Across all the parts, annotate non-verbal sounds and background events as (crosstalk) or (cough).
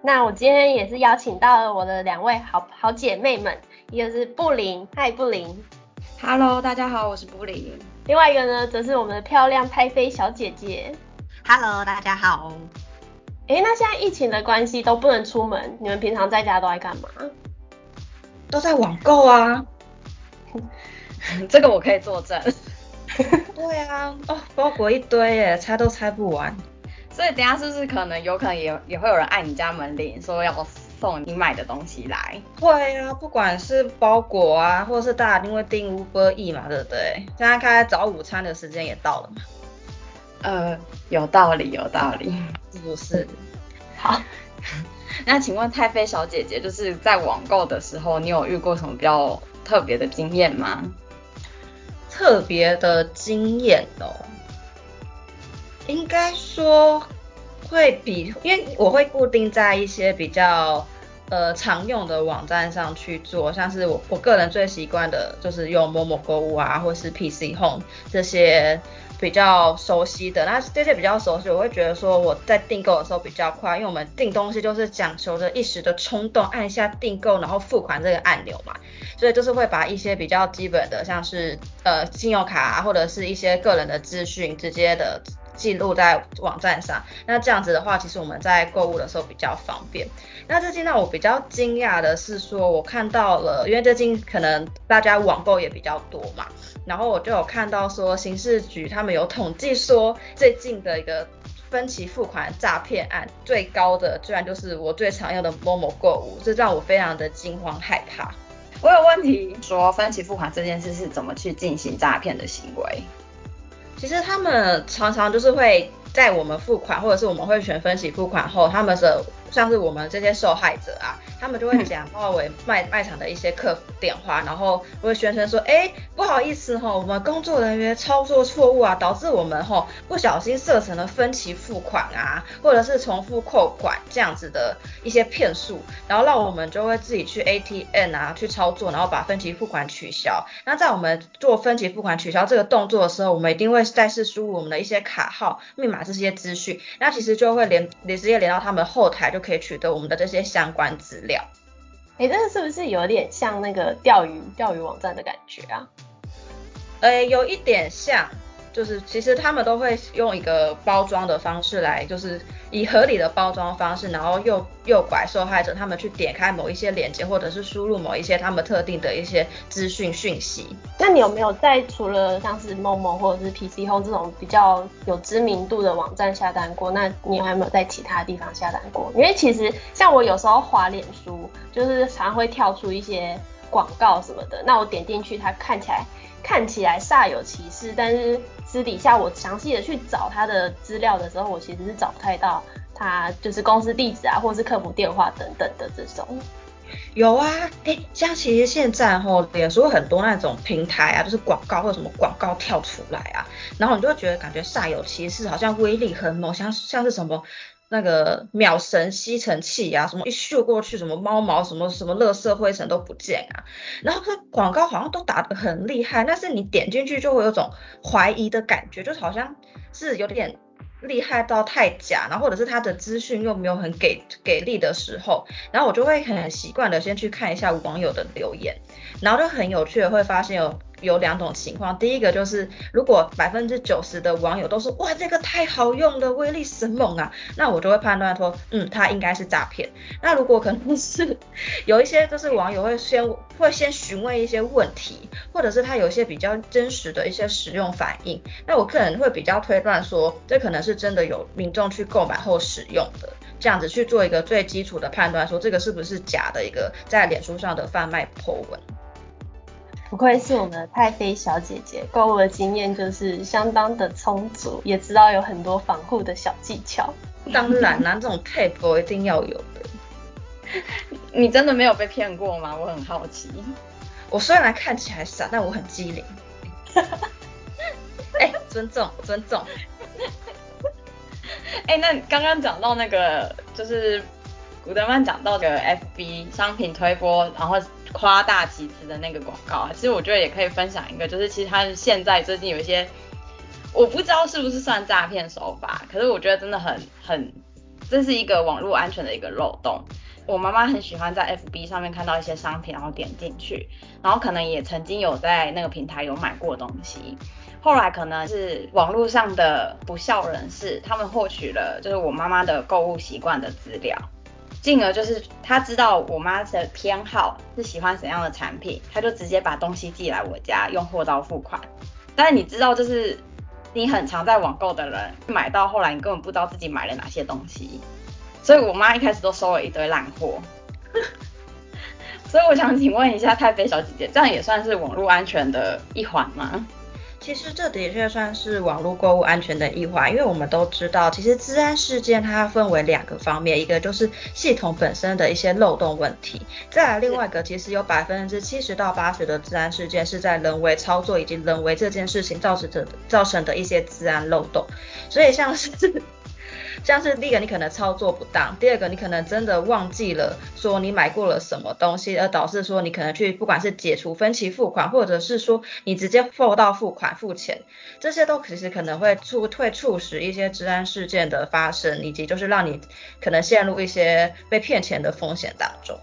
那我今天也是邀請到了我的兩位好好姐妹們，一個是布靈，嗨布靈，Hello，大家好，我是布靈。另外一個呢，則是我們的漂亮太妃小姐姐，Hello，大家好。哎、欸，那現在疫情的關係都不能出門，你們平常在家都在幹嘛？都在網購啊， (laughs) 這個我可以作證。 (laughs) 對啊，哦，包裹一堆耶，拆都拆不完。所以等下是不是可能有可能也也會有人按你家門鈴，說要送你買的東西來？會啊，不管是包裹啊，或者是大家因為訂 Uber E 嘛，對不對？現在看來早午餐的時間也到了嘛。呃，有道理，有道理。是不是？好。 (laughs) 那請問太妃小姐姐，就是在網購的時候，你有遇過什麼比較特別的經驗嗎？特別的經驗哦。應該說會比，因為我會固定在一些比較呃常用的網站上去做，像是我我個人最習慣的就是用某某購物啊，或是 PC Home 這些比較熟悉的，那這些比較熟悉，我會覺得說我在訂購的時候比較快，因為我們訂東西就是講求着一時的衝動按一下訂購然後付款這個按鈕嘛，所以就是會把一些比較基本的，像是呃信用卡啊，或者是一些個人的資訊直接的。記錄在網站上，那這樣子的話，其實我們在購物的時候比較方便。那最近讓我比較驚訝的是說，說我看到了，因為最近可能大家網購也比較多嘛，然後我就有看到說，刑事局他們有統計說，最近的一個分期付款詐騙案最高的，居然就是我最常用的某某購物，這讓我非常的驚慌害怕。我有問題，說分期付款這件事是怎麼去進行詐騙的行為？其實他們常常就是會在我們付款，或者是我們會選分期付款後，他們是。像是我們這些受害者啊，他們就會假冒為賣賣場的一些客服電話，然後會宣稱說，哎，不好意思哈、哦，我們工作人員操作錯誤啊，導致我們哈不小心設成了分期付款啊，或者是重複扣款，這樣子的一些騙術，然後讓我們就會自己去 ATM 啊去操作，然後把分期付款取消。那在我們做分期付款取消這個動作的時候，我們一定會再次輸入我們的一些卡號、密碼這些資訊，那其實就會連直接連到他們後台就。就可以取得我們的這些相關資料，哎、欸，這個是不是有點像那個釣魚釣魚網站的感覺啊？哎、欸，有一點像。就是其實他們都會用一個包裝的方式來，就是以合理的包裝方式，然後誘誘拐受害者，他們去點開某一些鏈接，或者是輸入某一些他們特定的一些資訊訊息。那你有沒有在除了像是 Momo 或者是 PC Home 這種比較有知名度的網站下單過？那你還有沒有在其他地方下單過？因為其實像我有時候滑臉書，就是常會跳出一些。廣告什麼的，那我點進去，它看起來看起來煞有其事，但是私底下我詳細的去找它的資料的時候，我其實是找不太到它就是公司地址啊，或是客服電話等等的這種。有啊，哎，像其實現在吼、哦，有時候很多那種平台啊，就是廣告或者什麼廣告跳出來啊，然後你就會覺得感覺煞有其事，好像威力很猛，像像是什麼。那個秒神吸塵器啊，什麼一咻過去，什麼貓毛，什麼什麼垃圾灰塵都不見啊。然後它廣告好像都打得很厲害，但是你點進去就會有種懷疑的感覺，就是好像是有點厲害到太假，然後或者是它的資訊又沒有很給給力的時候，然後我就會很習慣的先去看一下網友的留言，然後就很有趣的會發現有。有兩種情況，第一個就是如果百分之九十的網友都說哇這個太好用了，威力神猛啊，那我就會判斷說，嗯，它應該是詐騙。那如果可能是有一些就是網友會先會先詢問一些問題，或者是他有一些比較真實的一些使用反應，那我個人會比較推斷說，這可能是真的有民眾去購買後使用的，這樣子去做一個最基礎的判斷說，說這個是不是假的一個在臉書上的販賣破文。不愧是我們的太妃小姐姐，購物的經驗就是相當的充足，也知道有很多防護的小技巧。當然啦，這種 tape 我一定要有的。 (laughs) 你真的沒有被騙過嗎？我很好奇。 (laughs) 我雖然看起來傻，但我很機靈。哎、 (laughs) 欸，尊重，尊重。哎、 (laughs) 欸，那剛剛講到那個，就是古德曼講到的 FB 商品推播，然後。誇大其詞的那個廣告啊，其實我覺得也可以分享一個，就是其實他現在最近有一些，我不知道是不是算詐騙手法，可是我覺得真的很很，這是一個網絡安全的一個漏洞。我媽媽很喜歡在 FB 上面看到一些商品，然後點進去，然後可能也曾經有在那個平台有買過東西，後來可能是網絡上的不肖人士，他們獲取了就是我媽媽的購物習慣的資料。進而就是他知道我媽的偏好是喜歡怎樣的產品，他就直接把東西寄來我家，用貨到付款。但是你知道，就是你很常在網購的人，買到後來你根本不知道自己買了哪些東西，所以我媽一開始都收了一堆爛貨。 (laughs) 所以我想請問一下泰菲小姐姐，這樣也算是網絡安全的一環嗎？其實這的確算是網絡購物安全的一環，因為我們都知道，其實資安事件它分為兩個方面，一個就是系統本身的一些漏洞問題，再來另外一個，其實有百分之七十到八十的資安事件是在人為操作以及人為這件事情造成的，造成的一些資安漏洞。所以像是。 (laughs) 像是第一個你可能操作不當，第二個你可能真的忘記了說你買過了什麼東西，而導致說你可能去不管是解除分期付款，或者是說你直接貨到付款付錢，這些都其實可能會促會促使一些資安事件的發生，以及就是讓你可能陷入一些被騙錢的風險當中。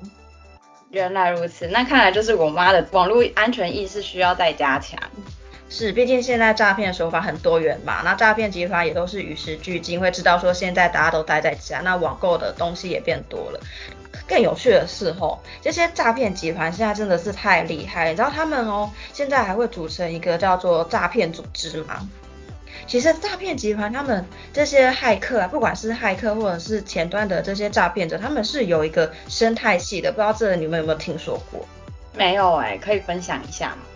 原來如此，那看來就是我媽的網絡安全意識需要再加強。是，畢竟現在詐騙的手法很多元嘛，那詐騙集團也都是與時俱進，會知道說現在大家都待在家，那網購的東西也變多了。更有趣的是哦，這些詐騙集團現在真的是太厲害了，你知道他們哦，現在還會組成一個叫做詐騙組織嗎？其實詐騙集團他們這些駭客啊，不管是駭客或者是前端的這些詐騙者，他們是有一個生態系的，不知道這個你們有沒有聽說過？沒有哎、欸，可以分享一下嗎？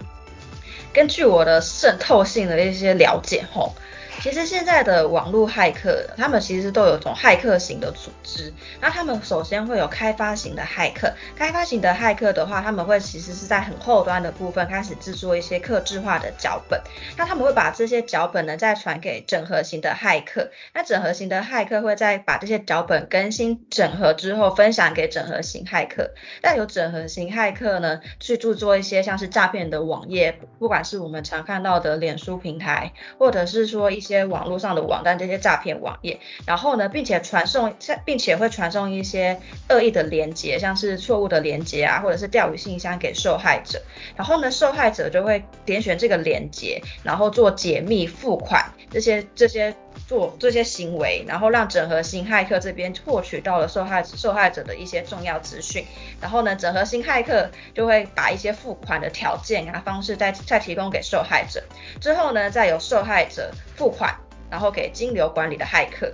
根據我的滲透性的一些了解，吼。其實現在的網絡駭客，他們其實都有種駭客型的組織。那他們首先會有開發型的駭客，開發型的駭客的話，他們會其實是在很後端的部分開始製作一些客製化的腳本。那他們會把這些腳本呢，再傳給整合型的駭客。那整合型的駭客會再把這些腳本更新整合之後，分享給整合型駭客。但有整合型駭客呢，去製作一些像是詐騙的網頁，不管是我們常看到的臉書平台，或者是說一些一些網絡上的網站，這些詐騙網頁，然後呢，並且傳送，並且會傳送一些惡意的鏈接，像是錯誤的鏈接啊，或者是釣魚信箱給受害者，然後呢，受害者就會點選這個鏈接，然後做解密、付款這些這些。這些做這些行為，然後讓整合型駭客這邊獲取到了受害受害者的一些重要資訊，然後呢，整合型駭客就會把一些付款的條件啊，方式再再提供給受害者，之後呢，再由受害者付款，然後給金流管理的駭客。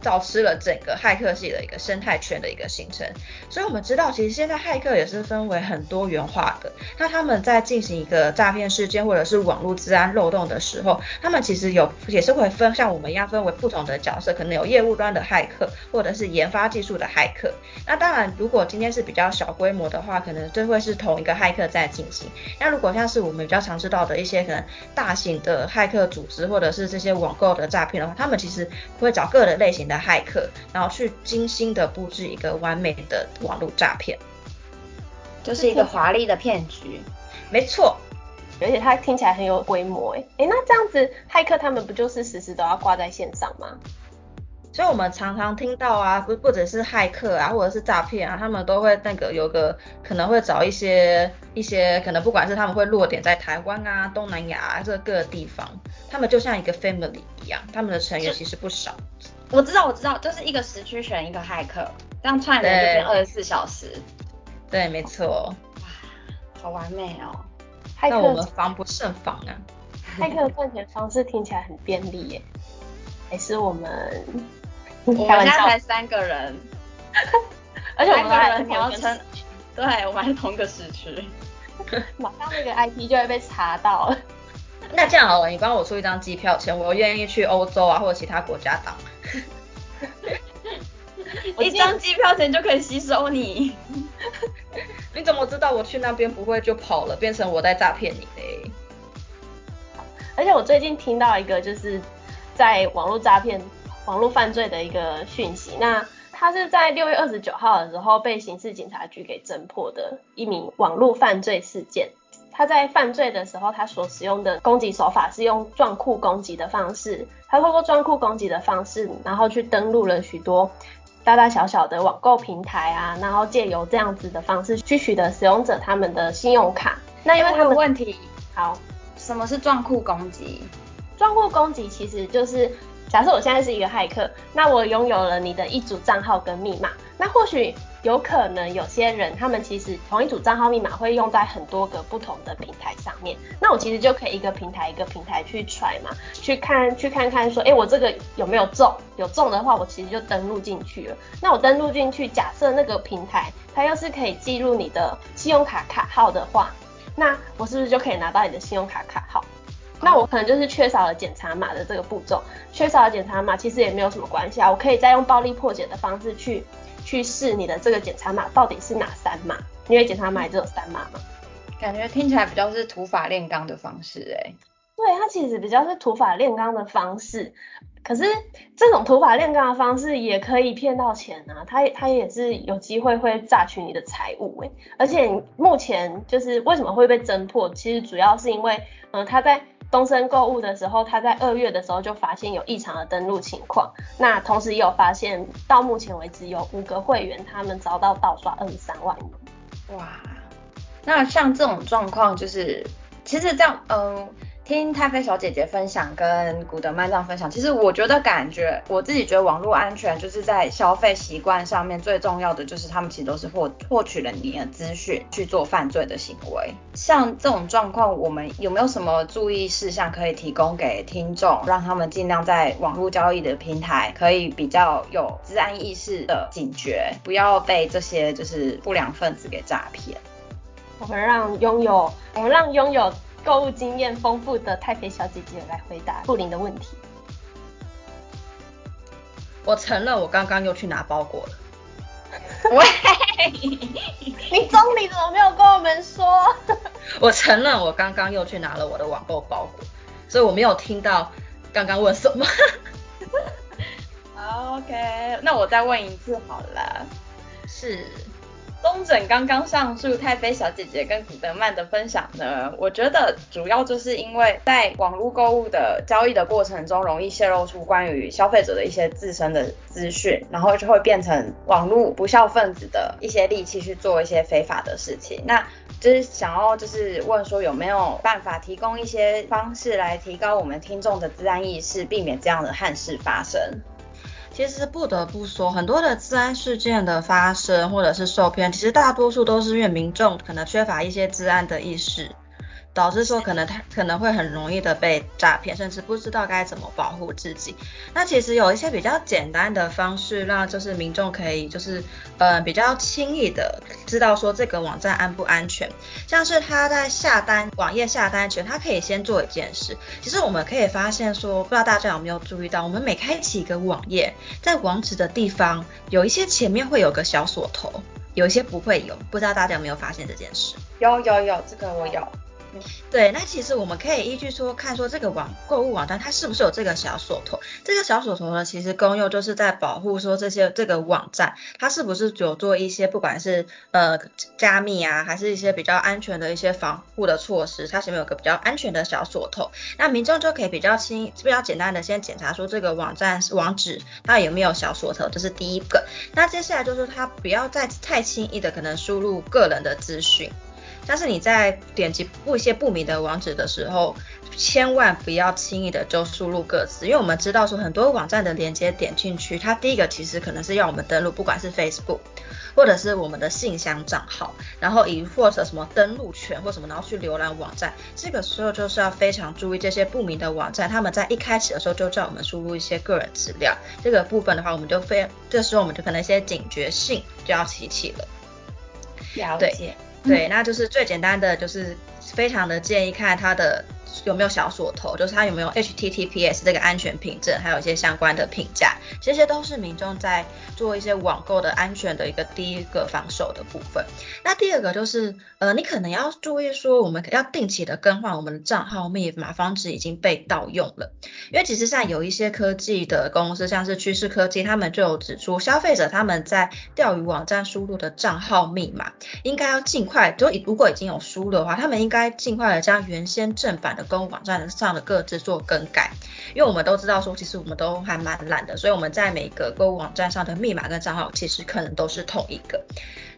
造失了整個駭客系的一個生態圈的一個形成，所以我們知道，其實現在駭客也是分為很多元化的。那他們在進行一個詐騙事件或者是網絡資安漏洞的時候，他們其實有也是會分像我們一樣分為不同的角色，可能有業務端的駭客或者是研發技術的駭客。那當然，如果今天是比較小規模的話，可能就會是同一個駭客在進行。那如果像是我們比較常知道的一些可能大型的駭客組織或者是這些網購的詐騙的話，他們其實會找各種類型的。駭客，然後去精心的布置一個完美的網絡詐騙，就是一個華麗的騙局。沒錯，而且它聽起來很有規模哎。那這樣子，駭客他們不就是時時都要掛在線上嗎？所以我們常常聽到啊，不不只是駭客啊，或者是詐騙啊，他們都會那個有個可能會找一些一些可能，不管是他們會落點在台灣啊、東南亞啊，這個、各個地方，他們就像一個 family 一樣，他們的成員其實不少。我知道我知道，就是一個時區選一個駭客，這樣串聯二十四小時對。對，沒錯。哇，好完美哦！害我們防不勝防啊。駭客的賺錢方式聽起來很便利耶， (laughs) 還是我們我們家才三個人， (laughs) 而且我們還同個時區 (laughs) 對，我們還同個時區。 (laughs) 馬上那個 IP 就會被查到了。那這樣好了，你幫我出一張機票錢，我願意去歐洲啊，或者其他國家當。 (laughs) 一張機票錢就可以吸收你， (laughs) 你怎麼知道我去那邊不會就跑了，變成我在詐騙你嘞？而且我最近聽到一個就是在網絡詐騙、網絡犯罪的一個訊息，那他是在六月二十九號的時候被刑事警察局給偵破的一名網絡犯罪事件。他在犯罪的時候，他所使用的攻擊手法是用撞庫攻擊的方式，他通過撞庫攻擊的方式，然後去登錄了許多。大大小小的網購平台啊，然後借由這樣子的方式，去取得使用者他們的信用卡。那因為他們有問題，好，什麼是撞庫攻擊？撞庫攻擊其實就是，假設我現在是一個駭客，那我擁有了你的一組賬號跟密碼，那或許。有可能有些人他們其實同一組賬號密碼會用在很多個不同的平台上面，那我其實就可以一個平台一個平台去揣嘛，去看去看看說，誒，我這個有沒有中？有中的話，我其實就登錄進去了。那我登錄進去，假設那個平台它要是可以記錄你的信用卡卡號的話，那我是不是就可以拿到你的信用卡卡號？那我可能就是缺少了檢查碼的這個步驟，缺少了檢查碼其實也沒有什麼關係啊，我可以再用暴力破解的方式去。去試你的這個檢查碼到底是哪三碼？因為檢查碼只有三碼嘛。感覺聽起來比較是土法煉鋼的方式哎、欸。對，它其實比較是土法煉鋼的方式。可是這種土法煉鋼的方式也可以騙到錢啊，他他也是有機會會榨取你的財物哎，而且目前就是為什麼會被偵破，其實主要是因為，嗯、呃，他在東森購物的時候，他在二月的時候就發現有異常的登錄情況，那同時也有發現，到目前為止有五個會員他們遭到盜刷二十三萬元。哇，那像這種狀況就是其實這樣，嗯。聽太妃小姐姐分享，跟古德曼這樣分享，其實我覺得感覺，我自己覺得網絡安全就是在消費習慣上面最重要的，就是他們其實都是獲獲取了你的資訊去做犯罪的行為。像這種狀況，我們有沒有什麼注意事項可以提供給聽眾，讓他們儘量在網絡交易的平台可以比較有資安意識的警覺，不要被這些就是不良分子給詐騙。我們讓擁有，我們讓擁有。購物經驗豐富的太肥小姐姐來回答布林的問題。我承認我剛剛又去拿包裹了。 (laughs) 喂， (laughs) 你中離怎麼沒有跟我們說？我承認我剛剛又去拿了我的網購包裹，所以我沒有聽到剛剛問什麼。好 (laughs) ，OK，那我再問一次好了。是。綜整剛剛上述泰菲小姐姐跟古德曼的分享呢，我覺得主要就是因為在網絡購物的交易的過程中，容易洩露出關於消費者的一些自身的資訊，然後就會變成網絡不肖分子的一些利器，去做一些非法的事情。那就是想要就是問說有沒有辦法提供一些方式來提高我們聽眾的資安意識，避免這樣的憾事發生。其實不得不說，很多的治安資安事件的發生，或者是受騙，其實大多數都是因為民眾可能缺乏一些資安的意識，導致說可能他可能會很容易的被詐騙，甚至不知道該怎麼保護自己。那其實有一些比較簡單的方式，讓就是民眾可以就是嗯、呃、比較輕易的知道說這個網站安不安全。像是他在下單網頁下單前，他可以先做一件事。其實我們可以發現說，不知道大家有沒有注意到，我們每開啟一個網頁，在網址的地方有一些前面會有個小鎖頭，有一些不會有，不知道大家有沒有發現這件事？有有有，這個我有。對，那其實我們可以依據說看說這個網購物網站它是不是有這個小鎖頭，這個小鎖頭呢，其實功用就是在保護說這些這個網站它是不是有做一些不管是呃加密啊，還是一些比較安全的一些防護的措施，它前面有個比較安全的小鎖頭，那民眾就可以比較輕比較簡單的先檢查說這個網站網址它有沒有小鎖頭，這是第一個。那接下來就是它不要再太輕易的可能輸入個人的資訊。但是你在點擊一些不明的網址的時候，千萬不要輕易的就輸入個資，因為我們知道說很多網站的連接點進去，它第一個其實可能是要我們登錄，不管是 Facebook 或者是我們的信箱賬號，然後以或者什麼登錄權或什麼，然後去瀏覽網站，這個時候就是要非常注意這些不明的網站，他們在一開始的時候就叫我們輸入一些個人資料，這個部分的話我們就非這時候我們就可能一些警覺性就要提起了。了解。對對，那就是最簡單的，就是非常的建議看他的。有沒有小鎖頭？就是它有沒有 HTTPS 這個安全憑證，還有一些相關的評價，這些都是民眾在做一些網購的安全的一個第一個防守的部分。那第二個就是，呃，你可能要注意說，我們要定期的更換我們的賬號密碼，防止已經被盜用了。因為其實像有一些科技的公司，像是趨勢科技，他們就有指出，消費者他們在釣魚網站輸入的賬號密碼，應該要儘快，就如果已經有輸入的話，他們應該儘快的將原先正版，購物網站上的各自做更改，因為我們都知道說，其實我們都還蠻懶的，所以我們在每個購物網站上的密碼跟賬號，其實可能都是同一個。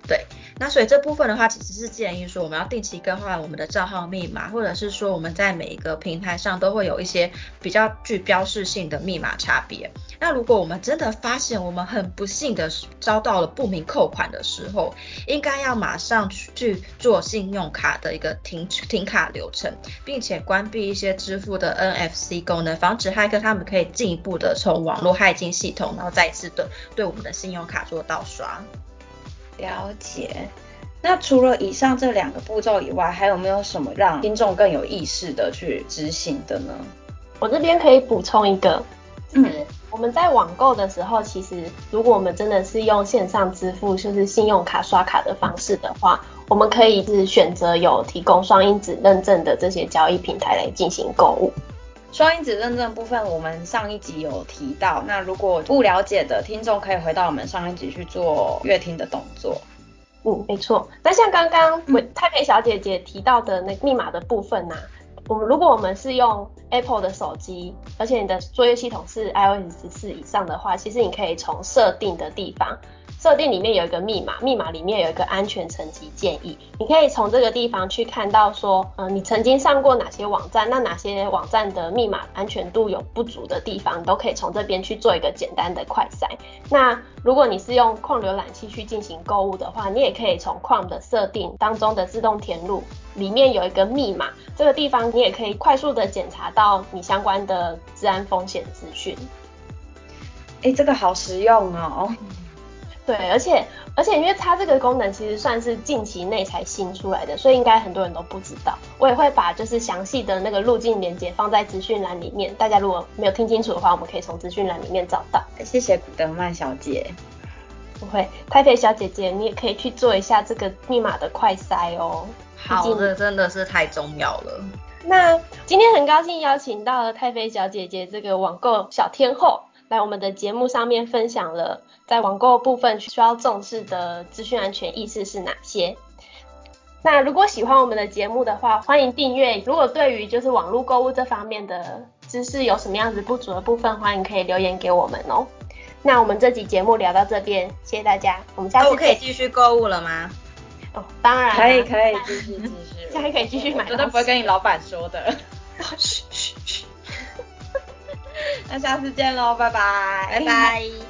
對，那所以這部分的話，其實是建議說我們要定期更換我們的賬號密碼，或者是說我們在每一個平台上都會有一些比較具標識性的密碼差別。那如果我們真的發現我們很不幸的遭到了不明扣款的時候，應該要馬上去做信用卡的一個停停卡流程，並且關閉一些支付的 NFC 功能，防止駭客他們可以進一步的從網絡駭進系統，然後再次的對，對我們的信用卡做盜刷。了解，那除了以上這兩個步驟以外，還有沒有什麼讓聽眾更有意識的去執行的呢？我這邊可以補充一個，嗯，是我們在網購的時候，其實如果我們真的是用線上支付，就是信用卡刷卡的方式的話，我們可以是選擇有提供雙因子認證的這些交易平台來進行購物。雙因子認證部分，我們上一集有提到，那如果不了解的聽眾可以回到我們上一集去做閱聽的動作。嗯，沒錯。那像剛剛我台北、嗯、小姐姐提到的那密碼的部分吶、啊，我們如果我們是用 Apple 的手機，而且你的作業系統是 iOS 十四以上的話，其實你可以從設定的地方。設定裡面有一個密碼，密碼裡面有一個安全層級建議，你可以從這個地方去看到說，嗯、呃，你曾經上過哪些網站，那哪些網站的密碼安全度有不足的地方，你都可以從這邊去做一個簡單的快篩。那如果你是用 Chrome 瀏覽器去進行購物的話，你也可以從 Chrome 的設定當中的自動填入裡面有一個密碼，這個地方你也可以快速的檢查到你相關的資安風險資訊。哎，這個好實用哦。對，而且而且，因為它這個功能其實算是近期內才新出來的，所以應該很多人都不知道。我也會把就是詳細的那個路徑連結放在資訊欄裡面，大家如果沒有聽清楚的話，我們可以從資訊欄裡面找到。謝謝古德曼小姐，不會，太妃小姐姐，你也可以去做一下這個密碼的快篩哦。好的，進真的是太重要了。那今天很高興邀請到了太妃小姐姐，這個網購小天後。來我們的節目上面分享了在網購部分需要重視的資訊安全意識是哪些。那如果喜歡我們的節目的話，歡迎訂閱。如果對於就是網絡購物這方面的知識有什麼樣子不足的部分，歡迎可以留言給我們哦。那我們這集節目聊到這邊，謝謝大家。我們下次可以，可以繼續購物了嗎？哦，當然可以，可以繼續繼續。 (laughs) 下次可以繼續買嗎？絕對不會跟你老板說的。 (laughs) 那下次見嘍，拜拜，拜拜。